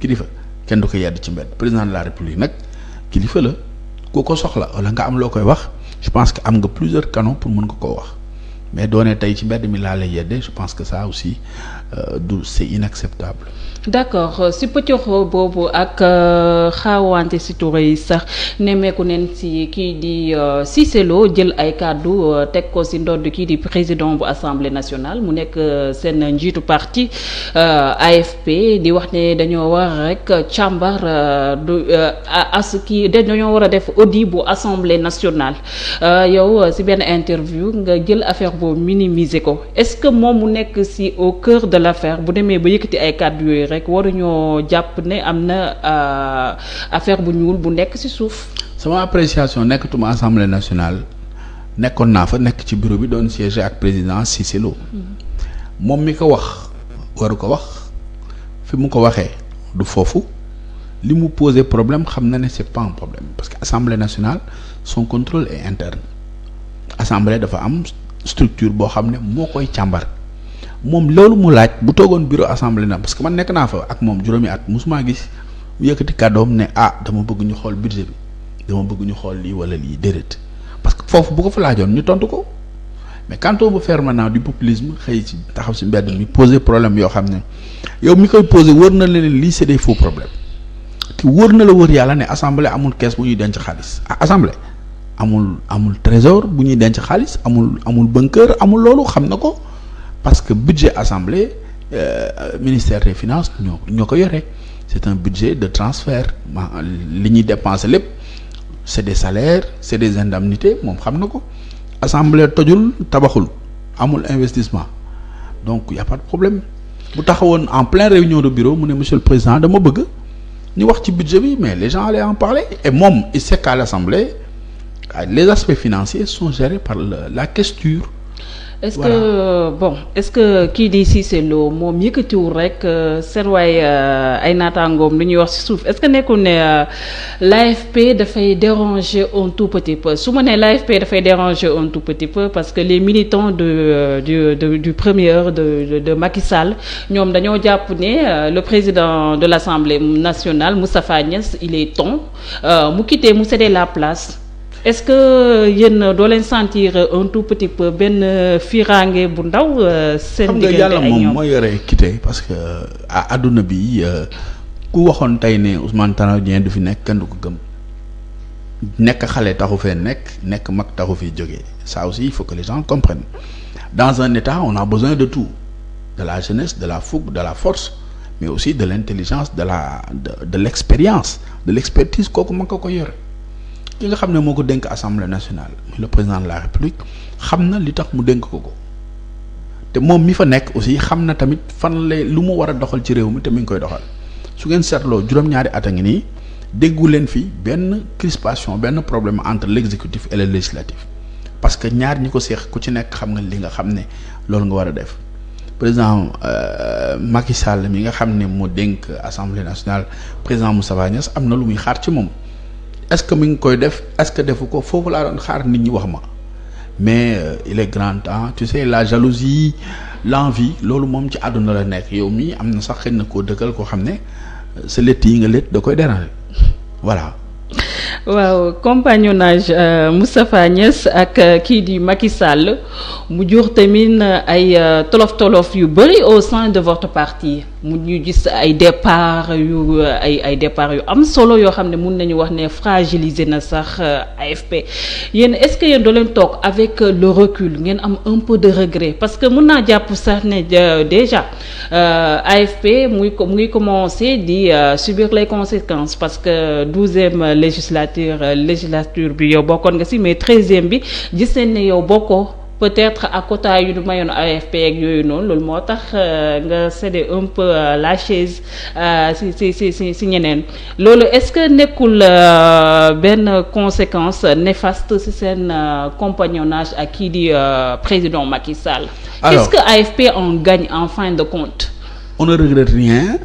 kilifa kenn du ko yedd ci mbedd président de la république nag kilifa la ku ko soxla wala nga am loo koy wax je pense que am nga plusieurs canaux pour mën nga koo wax mais doone tey ci mbedd mi laa lay yedde je pense que ça aussi euh, du euh, c'est inacceptable d'accord euh, si pëccoxoo boobu ak xaawante euh, si Touré yi sax nemmeeku neen si kii di Cissé Lo jël ay kàddu teg ko si ndodd kii di président bu assemblée nationale mu nekk seen njiitu parti AFP di wax ne dañoo war rek càmbar du as kii dañoo war a def audi bu assemblée nationale yow si benn interview nga jël affaire boobu minimiser ko est-ce que moom mu nekk si au cœur de l'affaire bu demee ba yëkkati ay kàddu yooyu rek waruñoo jàpp ne am na euh, affaire bu ñuul bu nekk si suuf. sama appréciation nekkatuma assemblée nationale nekkoon naa fa nekk ci bureau bi doon siéger ak président Cissé Lo mm-hmm. moom mi ko wax waru ko wax fi mu ko waxee du foofu. li mu poser problème xam na ne c'est pas un problème parce que assemblée nationale son contrôle est interne assemblée dafa am structure boo xam ne moo koy càmbar moom loolu mu laaj bu toogoon bureau assemblée na parce que man nekk naa fa ak moom juróomi at musuma gis mu yëkkati kàddoom ne ah dama bëgg ñu xool budget bi dama bëgg ñu xool lii wala lii déedéet parce que foofu bu ko fa laajoon ñu tontu ko mais quand on veut faire maintenant du populisme xëy ci taxaw si mbedd mi poser problème yoo xam ne yow mi koy poser wër na la ne lii c'est des faux problèmes te wër na la wër yàlla ne assemblée amul kees bu ñuy denc xaalis ah assemblée amul amul trésor bu ñuy denc xaalis amul amul bunker amul loolu xam na ko parce que budget assemblée euh, ministère des finances ñoo ñoo ko yore c'est un budget de transfert ma li ñuy dépenser lépp c'est des salaires c'est des indemnités moom xam na ko assemblée tojul tabaxul amul investissement donc y a pas de problème bu taxawoon en pleine réunion de bureau mu ne monsieur le président dama bëgg ñu wax ci budget bi mais les gens allaient en parler et moom il sait qu'à Ah, les aspects financiers sont gérés par la, la questure est-ce que bon est-ce que kii di Cissé Lo moom yëkkatiwul rek euh, seen waay euh, ay naataangoom lu ñuy wax ci suuf est-ce que nekkul ne euh, l'AFP dafay déranger un tout petit ma nee l'AFP dafay déranger un tout petit peu parce que les militants de du du de de, de Sall ñoom dañoo jàpp ne le président de l'Assemblée nationale Moustapha Niasse il est temps mu quitter mu céder la place. est-ce que yéen doo leen sentir un tout petit peu benn firange bu ndaw euh, seen diggante ak ñoom xam moom moo yore quitté parce que euh, adduna bi euh, ku waxoon tey ni Ousmane Tanor du fi nekk kenn du ko gëm nekk xale taxu fee nekk nekk mag taxu fi jóge ça aussi il faut que les dans un état on a besoin de tout de la jeunesse de la fougue de la force mais aussi de l'intelligence de la de l'expérience de l'expertise kooku mag ko yore ki nga xam ne moo ko dénk assemblée nationale le président de la république xam na li tax mu dénk ko ko te moom mi fa nekk aussi xam na tamit fan lay lu mu war a doxal ci réew mi te mi ngi koy doxal su ngeen seetloo juróom-ñaari at a ngi nii déggu leen fi benn crispation benn problème entre l'exécutif et le législatif parce que ñaar ñi ko seex ku ci nekk xam nga li nga xam ne loolu nga war a def président euh, Macky Sall mi nga xam ne mu dénk assemblée nationale président Moustapha Niasse am na lu muy xaar ci moom. est-ce que mi ngi koy def est que defu ko foofu laa doon xaar nit ñi wax ma mais euh, il est grand temps tu sais la jalousie l'envie loolu moom ci àdduna la nekk yow mii am na sax xëy na koo dëggal koo xam ne euh, sa létt yi nga létt da koy déranger voilà. waaw compagnonnage euh, Moustapha Niass ak euh, kii di Macky Sall mu jur tamit euh, ay tolof tolof yu bëri au sein de votre parti. mu ñu gis ay départ yu ay ay départ yu am solo yoo xam ne mun nañu wax ne fragiliser na sax euh, AFP yéen est-ce que yéen doo leen toog avec euh, le recul ngeen am un peu de regret parce que mun naa jàpp sax ne euh, déjà AFP muy mu ngi commencer di subir les conséquence parce que douzième législature législature bi yow bokkoon nga si mais treizième bi gis nañ ne yow bokkoo peut-être à quota yu du mayoon AFP ak yooyu noonu loolu moo tax euh, nga cédé un peu euh, la chaise euh, si si si si si ñeneen loolu est-ce que nekkul benn conséquence néfaste si seen compagnonnage ak kii di président Macky Sall. alors qu'est-ce que AFP en gagne en fin de compte. on ne regrette rien.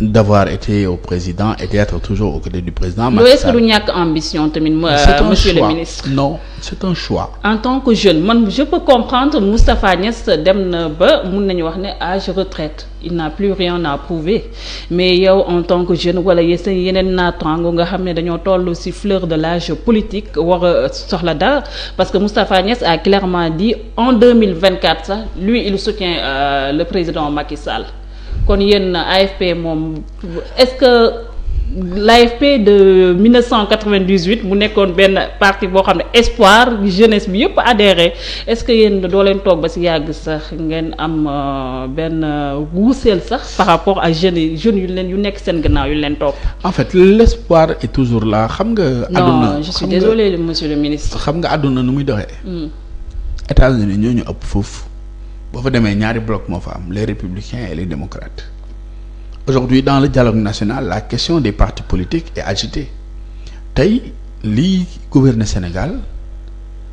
d'avoir été au président et d'être toujours aux côtés du président. Macky Sall est-ce que du ñàkk ambition tamit. monsieur le ministre non c'est un choix. en tant que jeune man je peux comprendre Moustapha Niass dem na ba mun nañu wax ne âge retraite il n'a plus rien à prouver mais yow en tant que jeune wala seen yeneen naataango nga xam ne dañoo toll ci fleur de l'âge politique war a soxla dara parce que Moustapha Niass a clairement dit en deux mille vingt-quatre sax lui il soutient euh, le président Macky kon yéen AFP moom est-ce que l'AFP de 1998 mu nekkoon benn parti boo xam ne espoir jeunesse bi yëpp adhéré est-ce que yéen doo leen toog ba ci yàgg sax ngeen am euh, benn euh, wuuseel sax par rapport à jeune jeunes yu leen yu nekk seen gannaaw yu leen topp. en fait l'espoir est toujours la xam nga. àdduna non je suis monsieur le ministre. xam nga àdduna nu muy doxee. Hmm. États-Unis ñooñu ëpp foofu. boo fa demee ñaari bloc moo fa am les républicains et les démocrates aujourd'hui dans le dialogue national la question des partis politiques est agitée tey lii gouverner Sénégal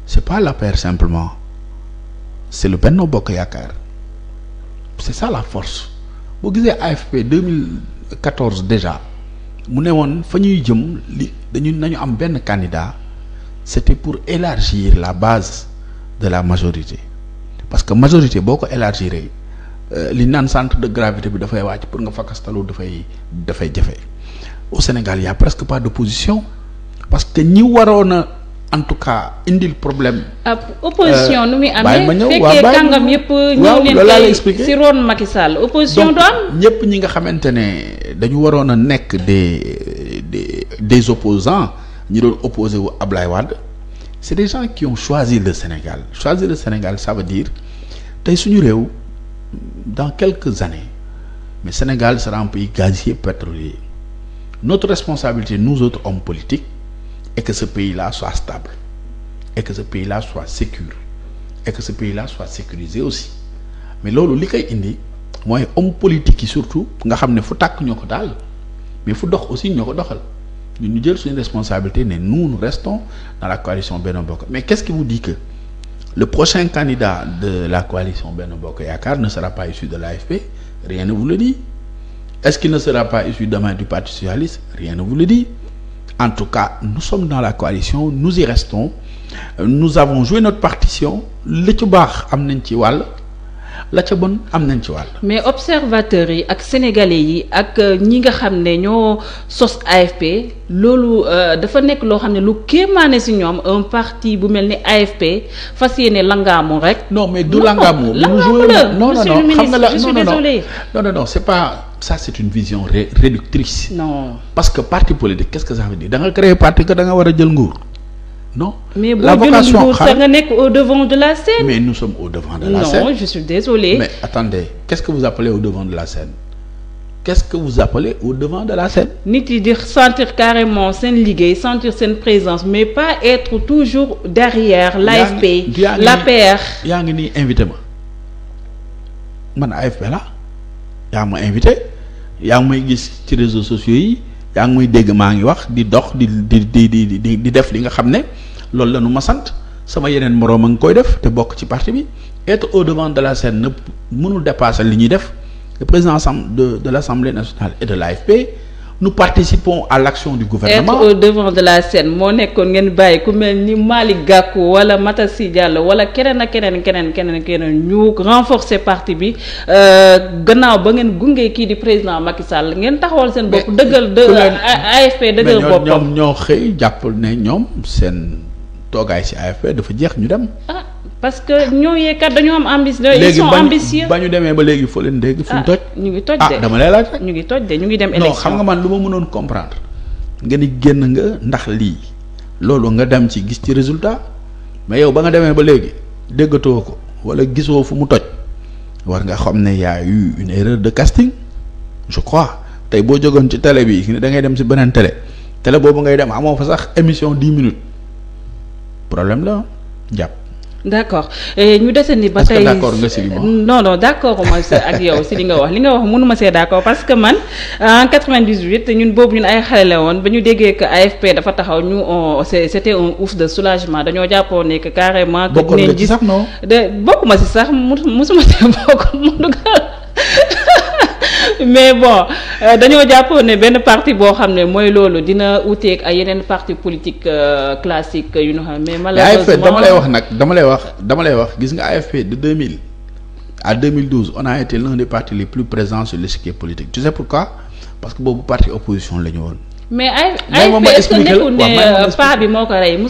c'est pas l'APR simplement c'est le Benno Bokk Yaakaar c'est ça la force boo gisee AFP 2014 déjà mu ne woon fa ñuy jëm li dañu nañu am benn candidat c'était pour élargir la base de la majorité parce que majorité boo ko élargir euh, li naan centre de gravité bi dafay wàcc pour nga fakkastalu dafay dafay jafe au Sénégal y a presque pas d'opposition parce que ñi waroon a en tout cas indil problème. ab ah, euh, ñëw fekkee kàngam yëpp. waaw loolu laa lay expliqué si ron Macky Sall opposition ñëpp ñi nga xamante ne dañu waroon a nekk des des des opposants ñi doon opposé wu Ablaye Wade c'est des gens qui ont choisi le Sénégal choisir le Sénégal ça veut tey suñu réew dans quelques années mais Sénégal sera un pays gazier pétrolier notre responsabilité nous autres hommes politiques est que ce pays-là soit stable et que ce pays-là soit sécure et que ce pays-là soit sécurisé aussi mais loolu li koy indi mooy homme politique yi surtout nga xam ne fu tàkk ñoo ko daal mais fu dox aussi ñoo ko doxal ñu jël suñu responsabilité ne nu nu reston dans la coalition Benno Bokk mais qu'est-ce qui vous dit que le prochain candidat de la coalition Benno Bokk Yaakaar ne sera pas issu de l'AFP rien ne vous le dit est-ce qu'il ne sera pas issu demain du Parti socialiste rien ne vous le dit en tout cas nous sommes dans la coalition nous y restons nous avons joué notre partition li ci baax am nañ ci wàll la ca bon am nañ ci wàll. mais observateurs yi ak sénégalais yi ak euh, ñi nga xam ne ñoo sos AFP loolu euh, dafa nekk loo xam ne lu kéemaane si ñoom un parti bu mel ni AFP fas yéene langaamu rek. no mais du langaamu. langaamu la non non non xam nga la non non non non non c'est pas. ça c'est une vision ré réductrice. non parce que parti politique qu'est-ce que ça veut dire da nga créer parti que da war a jël nguur. non mais la vocation mais nga nekk au devant de la scène. mais nous sommes au devant de la non, scène non je suis désolé. mais attendez qu'est-ce que vous appelez au devant de la scène qu'est-ce vous appelez au devant de la scène. nit yi di sentir carrément seen liggéey sentir seen présence mais pas être toujours derrière. l l'APR yaa ngi nii invité ma man AFP la yaa ma invité yaa ngi may gis ci réseau sociaux yi. yaa ngi muy dégg maa ngi wax di dox di di di di di di def li nga xam ne loolu la nu ma sant sama yeneen moroom a ngi koy def te bokk ci parti bi et au devant de la scène nëpp mënul dépasser li ñuy def le président de de l'Assemblée nationale et de l'AFP nous participons à l'action du gouvernement. être au devant de la scène moo nekkoon ngeen bàyyi ku mel ni Malick gàkku wala Mata si Diallo wala keneen a keneen keneen keneen keneen ñu renforcer parti bi euh, gannaaw ba ngeen gunge kii di président Macky Sall ngeen taxawal seen bopp. dëggal dë AFP dëggal boppam ñoom ñoo xëy jàppal ne ñoom seen toogaay si AFP dafa jeex ñu dem. Ah, parce que ñooyee kat dañoo am ambition. ils sont ambitieux léegi ba ñu demee ba léegi foo leen dégg. fu ñu ah, toj ñu ngi toj de ah dama lay laaj rek. ñu ñu ngi dem élection non xam nga man lu ma mënoon comprendre nga ni génn nga ndax lii loolu nga dem ci gis ci résultat mais yow ba nga demee ba léegi déggatoo ko wala gisoo fu mu toj war nga xam ne y une erreur de casting je crois tey boo jógoon ci télé bi da ngay dem si beneen télé télé boobu ngay dem amoo fa sax émission dix minutes problème la jàpp. d' accord ñu desandi ba tey non non d' accord ma ak yow si li nga wax li nga wax mënu ma see d' accord parce que man en 98 ñun boobu ñun ay xale la woon ba ñu déggee que AFP dafa taxaw ñu c' était un ouf de soulagement dañoo jàppoon ne que carrément. que dinañ gis si sax non. ma si sax mu musuma see bokk mu dugal. mais bon euh, dañoo jàpp ne benn parti boo xam ne mooy loolu dina wuteeg ay yeneen parti politique euh, classique yu ñu xam mais malheureusement AFP dama lay wax nag dama lay wax dama lay wax gis nga AFP de 2000 à 2012 on a été l'un des partis les plus présents sur l'échiquier politique tu sais pourquoi parce que boobu parti opposition la ñu woon. mais AFP est-ce que nekkul ne euh, paa bi moo ko rey.